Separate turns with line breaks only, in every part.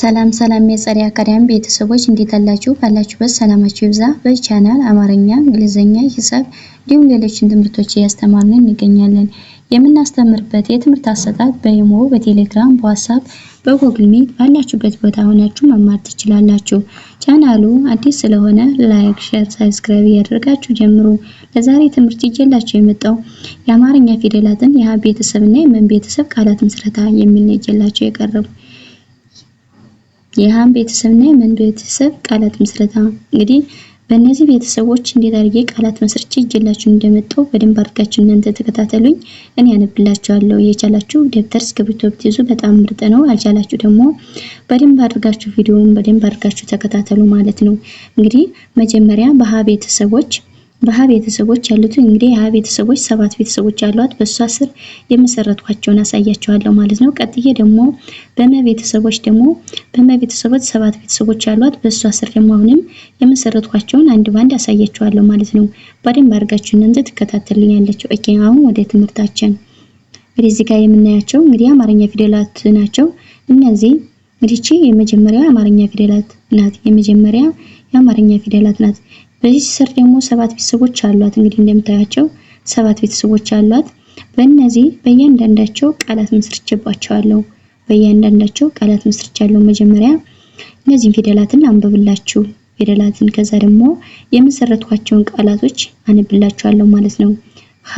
ሰላም ሰላም የፀደይ አካዳሚ ቤተሰቦች እንዴት አላችሁ? ካላችሁበት ሰላማችሁ ይብዛ። በቻናል አማርኛ፣ እንግሊዝኛ፣ ሂሳብ እንዲሁም ሌሎችን ትምህርቶች እያስተማርን እንገኛለን። የምናስተምርበት የትምህርት አሰጣጥ በኢሞ፣ በቴሌግራም፣ በዋትሳፕ፣ በጉግል ሚት ባላችሁበት ቦታ ሆናችሁ መማር ትችላላችሁ። ቻናሉ አዲስ ስለሆነ ላይክ፣ ሼር፣ ሳብስክራይብ እያደረጋችሁ ጀምሩ። ለዛሬ ትምህርት ይዤላችሁ የመጣው የአማርኛ ፊደላትን የሀ ቤተሰብ እና የመን ቤተሰብ ቃላት ምስረታ የሚል ነው። ይዤላችሁ የቀረቡ ቤተሰብ ቤተሰብና የመን ቤተሰብ ቃላት ምስረታ እንግዲህ በእነዚህ ቤተሰቦች እንዴት አድርጌ ቃላት መስርቼ እጅላችሁ እንደመጣው በደንብ አድርጋችሁ እናንተ ተከታተሉኝ። እኔ አነብላችኋለሁ። የቻላችሁ ደብተር እስክሪብቶ ብትይዙ በጣም ምርጥ ነው። አልቻላችሁ ደግሞ በደንብ አድርጋችሁ ቪዲዮውን በደንብ አድርጋችሁ ተከታተሉ ማለት ነው። እንግዲህ መጀመሪያ በሀ ቤተሰቦች በሀ ቤተሰቦች ያሉት እንግዲህ የሀ ቤተሰቦች ሰባት ቤተሰቦች ያሏት በእሷ ስር የመሰረትኳቸውን አሳያቸዋለሁ ማለት ነው። ቀጥዬ ደግሞ በመ ቤተሰቦች ደግሞ በመ ቤተሰቦች ሰባት ቤተሰቦች ያሏት በእሷ ስር ደግሞ አሁንም የመሰረትኳቸውን አንድ ባንድ አሳያቸዋለሁ ማለት ነው። በደንብ አድርጋችሁ እናንተ ትከታተልኛለች ኦኬ፣ አሁን ወደ ትምህርታችን እንግዲህ እዚህ ጋር የምናያቸው እንግዲህ አማርኛ ፊደላት ናቸው እነዚህ እንግዲህ የመጀመሪያ አማርኛ ፊደላት ናት። የመጀመሪያ የአማርኛ ፊደላት ናት። በዚህ ስር ደግሞ ሰባት ቤተሰቦች አሏት። እንግዲህ እንደምታያቸው ሰባት ቤተሰቦች አሏት። በእነዚህ በእያንዳንዳቸው ቃላት መስርቼባቸዋለሁ። በእያንዳንዳቸው ቃላት መስርቻለሁ። መጀመሪያ እነዚህን ፊደላትን አንብብላችሁ ፊደላትን ከዛ ደግሞ የመሰረትኳቸውን ቃላቶች አነብላችኋለሁ ማለት ነው። ሀ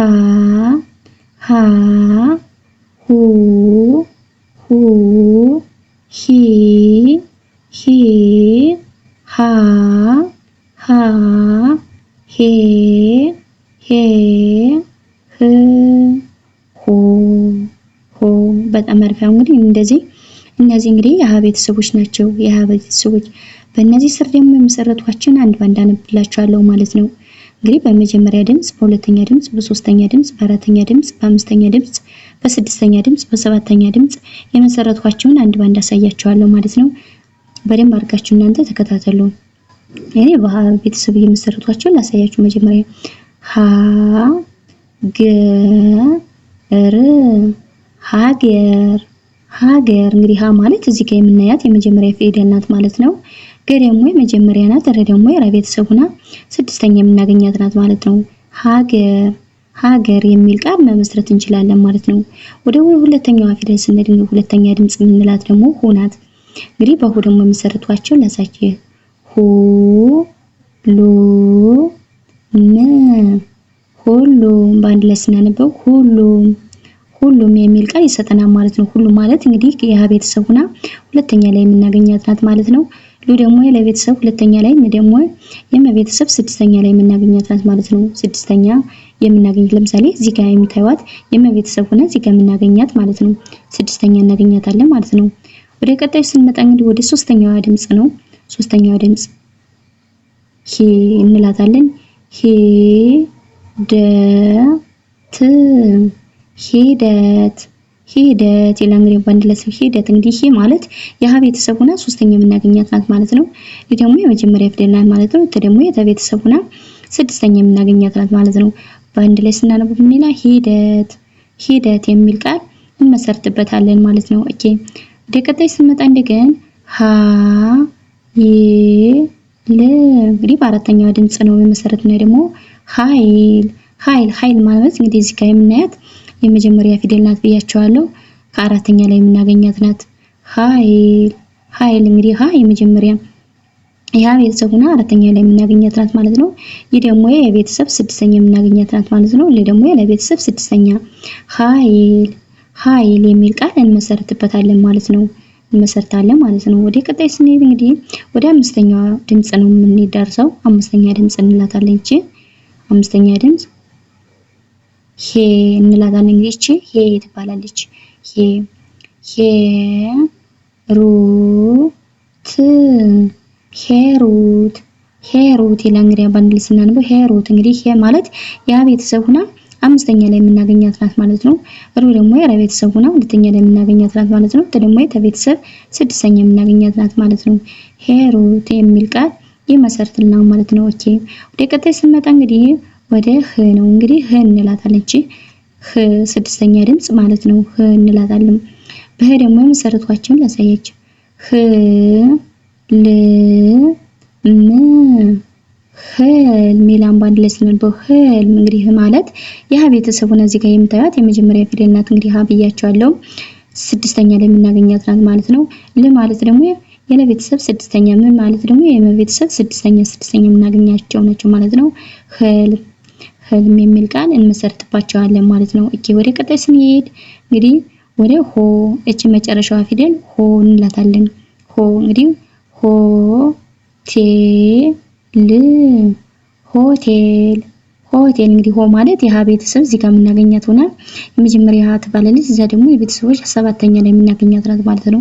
ሀ ሁ ሁ ሂ በጣም አሪፍ እንግዲህ እንደዚህ እነዚህ እንግዲህ የሀ ቤተሰቦች ናቸው። የሀ ቤተሰቦች በእነዚህ ስር ደግሞ የመሰረቷቸውን አንድ ባንድ አነብላችኋለሁ ማለት ነው። እንግዲህ በመጀመሪያ ድምፅ፣ በሁለተኛ ድምፅ፣ በሶስተኛ ድምፅ፣ በአራተኛ ድምፅ፣ በአምስተኛ ድምፅ፣ በስድስተኛ ድምፅ፣ በሰባተኛ ድምፅ የመሰረቷቸውን አንድ ባንድ አሳያችኋለሁ ማለት ነው። በደንብ አድርጋችሁ እናንተ ተከታተሉ። እኔ በሀ ቤተሰብ የመሰረቷቸውን ላሳያችሁ። መጀመሪያ ሀ ገ ር ሀገር ሀገር እንግዲህ ሀ ማለት እዚህ ጋር የምናያት የመጀመሪያ ፊደል ናት ማለት ነው። ገ ደግሞ የመጀመሪያ ናት። ረ ደግሞ የረ ቤተሰቡ ናት። ስድስተኛ የምናገኛት ናት ማለት ነው። ሀገር ሀገር የሚል ቃል መመስረት እንችላለን ማለት ነው። ወደ ሁለተኛዋ ፊደል ስንሄድ ሁለተኛ ድምፅ የምንላት ደግሞ ሁ ናት። እንግዲህ በሁ ደግሞ የመሰረቷቸው ላሳየ ሁ ሉ ም ሁሉም በአንድ ላይ ስናነበው ሁሉም ሁሉም የሚል ቃል ይሰጠናል ማለት ነው። ሁሉም ማለት እንግዲህ የሀ ቤተሰብ ሁና ሁለተኛ ላይ የምናገኛት ናት ማለት ነው። ሉ ደግሞ ለቤተሰብ ሁለተኛ ላይ ደግሞ የመ ቤተሰብ ስድስተኛ ላይ የምናገኛት ናት ማለት ነው። ስድስተኛ የምናገኝ ለምሳሌ እዚህ ጋር የምታዩት የመ ቤተሰብ ሁና እዚህ ጋር የምናገኛት ማለት ነው። ስድስተኛ እናገኛታለን ማለት ነው። ወደ ቀጣይ ስንመጣ እንግዲህ ወደ ሶስተኛዋ ድምጽ ነው። ሶስተኛዋ ድምፅ ሄ እንላታለን። ሄ ደ ት ሂደት ሂደት ይላል እንግዲህ ለሰው ሂደት እንግዲህ ሂ ማለት የሀ ቤተሰብ ሆና ሶስተኛ የምናገኛት ናት ማለት ነው። ይህ ደግሞ የመጀመሪያ ፊደል ናት ማለት ነው። ተ ደግሞ የተ ቤተሰብ ሆና ስድስተኛ የምናገኛት ናት ማለት ነው። በአንድ ላይ ስናነቡ ምን ይላል? ሂደት ሂደት የሚል ቃል እንመሰርትበታለን ማለት ነው። ኦኬ ወደ ቀጣይ ስንመጣ እንደገን ሀ ይ ል እንግዲህ በአራተኛዋ ድምጽ ነው የመሰረት ነው ደግሞ ኃይል ኃይል ኃይል ማለት እንግዲህ እዚህ ጋር የምናያት የመጀመሪያ ፊደል ናት ብያቸዋለሁ። ከአራተኛ ላይ የምናገኛት ናት ኃይል ኃይል እንግዲህ ሀ የመጀመሪያ ያ ቤተሰብ ሆና አራተኛ ላይ የምናገኛት ናት ማለት ነው። ይህ ደግሞ የቤተሰብ ስድስተኛ የምናገኛት ናት ማለት ነው። ሌ ለቤተሰብ ስድስተኛ ኃይል ኃይል የሚል ቃል እንመሰርትበታለን ማለት ነው። እንመሰርታለን ማለት ነው። ወደ ቀጣይ ስንሄድ እንግዲህ ወደ አምስተኛዋ ድምፅ ነው የምንደርሰው። አምስተኛ ድምፅ እንላታለን። ይቺ አምስተኛ ድምፅ ሄ እንላታለን። እንግዲህ እቺ ሄ ትባላለች። ሄ ሄ ሩ ት ሄሩት ሄሩት ይላል። እንግዲህ በአንድ ላይ ስናነበው ሄሩት እንግዲህ ሄ ማለት ያ ቤተሰብ ሁና አምስተኛ ላይ የምናገኛት ናት ማለት ነው። ሩ ደግሞ የረ ቤተሰብ ሁና ሁለተኛ ላይ የምናገኛት ናት ማለት ነው። ት ደግሞ የተ ቤተሰብ ስድስተኛ የምናገኛት ናት ማለት ነው። ሄሩት የሚል ቃል ይመሰርትልናል ማለት ነው። ኦኬ ወደ ቀጣይ ስንመጣ እንግዲህ ወደ ህ ነው እንግዲህ ህ እንላታለን። ህ ስድስተኛ ድምጽ ማለት ነው። ህ እንላታለን። በህ ደግሞ የመሰረቷቸውን ላሳያችሁ። ህ ል ም ህልም ሌላም ባንድ ላይ ስንልበው ህልም እንግዲህ ማለት የሀ ቤተሰብ ሆነ እዚህ ጋር የምታዩት የመጀመሪያ ፊደል ናት። እንግዲህ ሀ ብያቸዋለሁ። ስድስተኛ ላይ የምናገኛት ናት ማለት ነው። ል ማለት ደግሞ የለ ቤተሰብ ስድስተኛ፣ ምን ማለት ደግሞ የመ ቤተሰብ ስድስተኛ ስድስተኛ የምናገኛቸው ናቸው ማለት ነው። ህልም ህልም የሚል ቃል እንመሰርትባቸዋለን ማለት ነው። እኬ ወደ ቀጣይ ስንሄድ እንግዲህ ወደ ሆ እች መጨረሻዋ ፊደል ሆ እንላታለን። ሆ እንግዲህ ሆ ቴ ል ሆቴል ሆቴል እንግዲህ ሆ ማለት የሀ ቤተሰብ እዚህ ጋር የምናገኛት ሆና የመጀመሪያ ሀ ትባላለች። እዛ ደግሞ የቤተሰቦች ሰባተኛ ላይ የምናገኛት ናት ማለት ነው።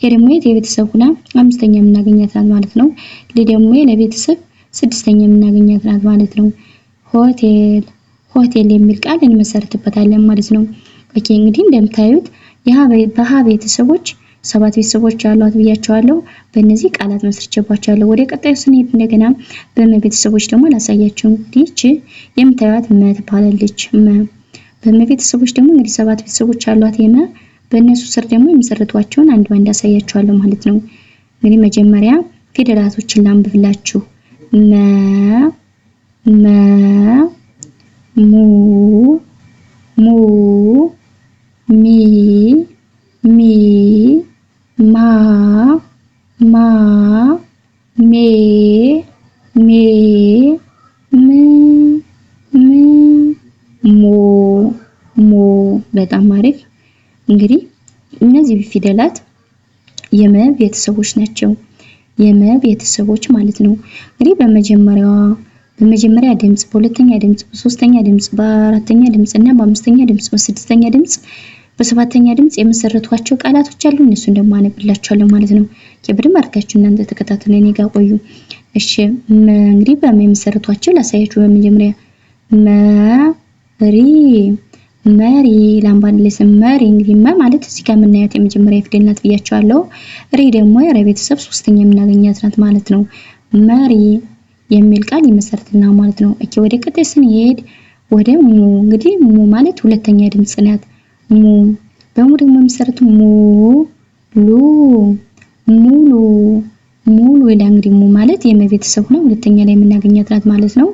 ቴ ደግሞ የት የቤተሰብ ሆና አምስተኛ የምናገኛት ናት ማለት ነው። ል ደግሞ ለቤተሰብ ስድስተኛ የምናገኛት ናት ማለት ነው። ሆቴል ሆቴል የሚል ቃል እንመሰርትበታለን ማለት ነው። ኦኬ እንግዲህ እንደምታዩት በሀ ቤተሰቦች ሰባት ቤተሰቦች አሏት ብያቸዋለሁ። በእነዚህ ቃላት መስርቼባቸዋለሁ። ወደ ቀጣዩ ስንሄድ እንደገና በመ ቤተሰቦች ደግሞ ላሳያችሁ። ይቺ የምታዩት መ ትባላለች። መ በመ ቤተሰቦች ደግሞ እንግዲህ ሰባት ቤተሰቦች አሏት የመ በእነሱ ስር ደግሞ የመሰረቷቸውን አንድ ባንድ አሳያችኋለሁ ማለት ነው። እንግዲህ መጀመሪያ ፊደላቶችን ላንብብላችሁ መ መ ሙ ሙ ሚ ሚ ማ ማ ሜ ሜ ም ም ሞ ሞ በጣም አሪፍ። እንግዲህ እነዚህ ፊደላት የመ ቤተሰቦች ናቸው። የመ ቤተሰቦች ማለት ነው። እንግዲህ በመጀመሪያዋ በመጀመሪያ ድምጽ፣ በሁለተኛ ድምጽ፣ በሶስተኛ ድምጽ፣ በአራተኛ ድምጽ እና በአምስተኛ ድምጽ፣ በስድስተኛ ድምጽ፣ በሰባተኛ ድምጽ የመሰረቷቸው ቃላቶች አሉ። እነሱን ደግሞ አነብላችኋለሁ ማለት ነው። በደንብ አድርጋችሁ እናንተ ተከታተሉ፣ እኔ ጋር ቆዩ። እሺ፣ እንግዲህ በመሰረቷቸው ላሳያችሁ። በመጀመሪያ መሪ መሪ ላምባን ለስም መሪ። እንግዲህ መ ማለት እዚህ ጋር የምናያት የመጀመሪያ ፊደል ናት ብያቸዋለሁ። ሪ ደግሞ የረ ቤተሰብ ሶስተኛ የምናገኛት ናት ማለት ነው። መሪ የሚል ቃል ይመሰርትና ማለት ነው። እኪ ወደ ቀጣይ ስንሄድ ወደ ሙ እንግዲህ ሙ ማለት ሁለተኛ ድምፅ ናት። ሙ በሙ ደግሞ የሚሰረቱ ሙ ሉ ሙሉ ሙሉ ይላል። እንግዲህ ሙ ማለት የመቤተሰብ ሁና ሁለተኛ ላይ የምናገኛት ናት ማለት ነው።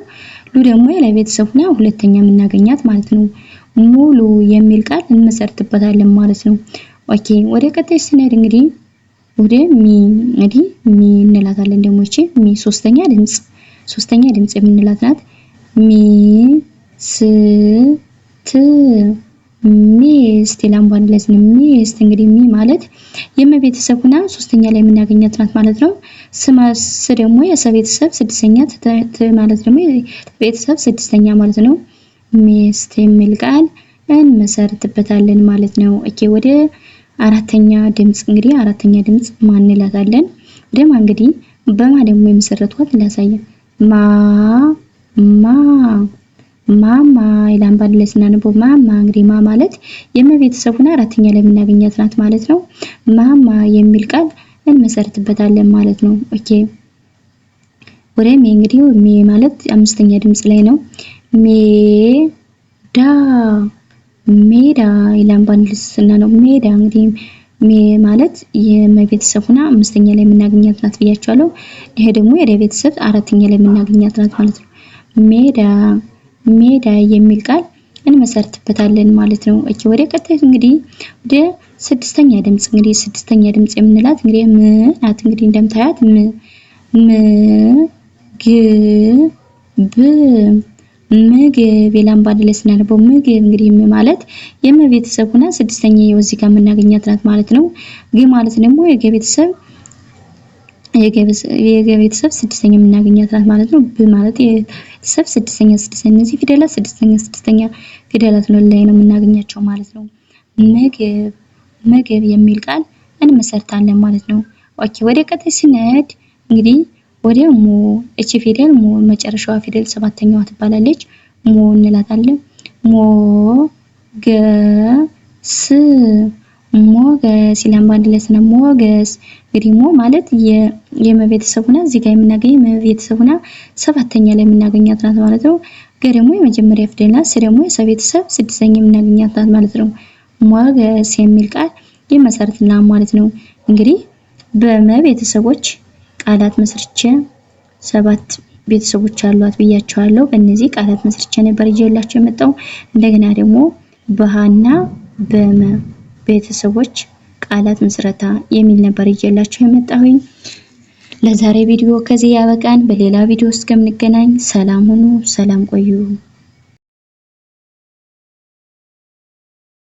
ሉ ደግሞ የለቤተሰብ ሁና ሁለተኛ የምናገኛት ማለት ነው። ሙሉ የሚል ቃል እንመሰርትበታለን ማለት ነው። ኦኬ ወደ ቀጣይ ስንሄድ እንግዲህ ወደ ሚ እንግዲህ ሚ እንላታለን ደግሞ እቺ ሚ ሶስተኛ ድምፅ ሶስተኛ ድምጽ የምንላት ናት። ሚ ስ ት ሚስት ይላል በአንድ ላይ ስንም ሚስት እንግዲህ ሚ ማለት የመቤተሰብ ሁና ሶስተኛ ላይ የምናገኛት ናት ማለት ነው። ስማስ ደግሞ የሰቤተሰብ ስድስተኛ ት ማለት ደግሞ ቤተሰብ ስድስተኛ ማለት ነው። ሚስት የሚል ቃል እንመሰርትበታለን ማለት ነው። ኦኬ ወደ አራተኛ ድምጽ እንግዲህ አራተኛ ድምጽ ማን እንላታለን? ደግሞ እንግዲህ በማ ደግሞ የመሰረትኳት ላሳየን ማ ማ ማማ ይላል። በአንድ ላይ ስናነበው ማማ። እንግዲህ ማ ማለት የመቤተሰብ ሆና አራተኛ ላይ የምናገኛት ናት ማለት ነው። ማማ የሚል ቃል እንመሰርትበታለን ማለት ነው። ኦኬ ወደ ሜ እንግዲህ ሜ ማለት አምስተኛ ድምፅ ላይ ነው። ሜዳ ሜዳ ይላል። በአንድ ላይ ስናነበው ሜዳ እንግዲህ ማለት የመቤተሰብ ሁና አምስተኛ ላይ የምናገኛት ናት ብያቸዋለሁ። ይሄ ደግሞ የደ ቤተሰብ አራተኛ ላይ የምናገኛት ናት ማለት ነው። ሜዳ ሜዳ የሚል ቃል እንመሰርትበታለን ማለት ነው። እቺ ወደ ቀጣይ እንግዲህ ወደ ስድስተኛ ድምጽ እንግዲህ ስድስተኛ ድምጽ የምንላት እንግዲህ ም ናት። እንግዲህ እንደምታያት ም ም ግ ብ ምግብ የላም በአንድ ላይ ስናነበው ምግብ እንግዲህ ም ማለት የም ቤተሰብ ሆና ስድስተኛ እዚህ ጋር የምናገኛት ናት ማለት ነው። ግ ማለት ደግሞ የገ ቤተሰብ የገ ቤተሰብ ስድስተኛ የምናገኛት ናት ማለት ነው። ብ ማለት የቤተሰብ ስድስተኛ ስድስተኛ እነዚህ ፊደላት ስድስተኛ ስድስተኛ ፊደላት ነው ላይ ነው የምናገኛቸው ማለት ነው። ምግብ ምግብ የሚል ቃል እንመሰርታለን ማለት ነው። ኦኬ ወደ ቀጣይ ስንሄድ እንግዲህ ወዲያ ሙ እቺ ፊደል ሙ መጨረሻዋ ፊደል ሰባተኛዋ ትባላለች። ሞ እንላታለን። ሞ ገ ስ ሞገስ ይላል በአንድ ላይ ስናይ ሞገስ። እንግዲህ ሞ ማለት የመቤተሰብ ሁና እዚህ ጋር የምናገኝ መቤተሰብ ሁና ሰባተኛ ላይ የምናገኛት ናት ማለት ነው። ገ ደግሞ የመጀመሪያ ፊደል ናት። ስ ደግሞ የሰቤተሰብ ስድስተኛ የምናገኛት ናት ማለት ነው። ሞገስ የሚል ቃል ይመሰርትልናል ማለት ነው። እንግዲህ በመቤተሰቦች ቃላት መስርቼ ሰባት ቤተሰቦች አሏት ብያቸዋለሁ። እነዚህ ቃላት መስርቼ ነበር ይዤላችሁ የመጣው። እንደገና ደግሞ በሃና በመ ቤተሰቦች ቃላት ምስረታ የሚል ነበር ይዤላችሁ የመጣሁኝ። ለዛሬ ቪዲዮ ከዚህ ያበቃን። በሌላ ቪዲዮ እስከምንገናኝ ሰላም ሁኑ፣ ሰላም ቆዩ።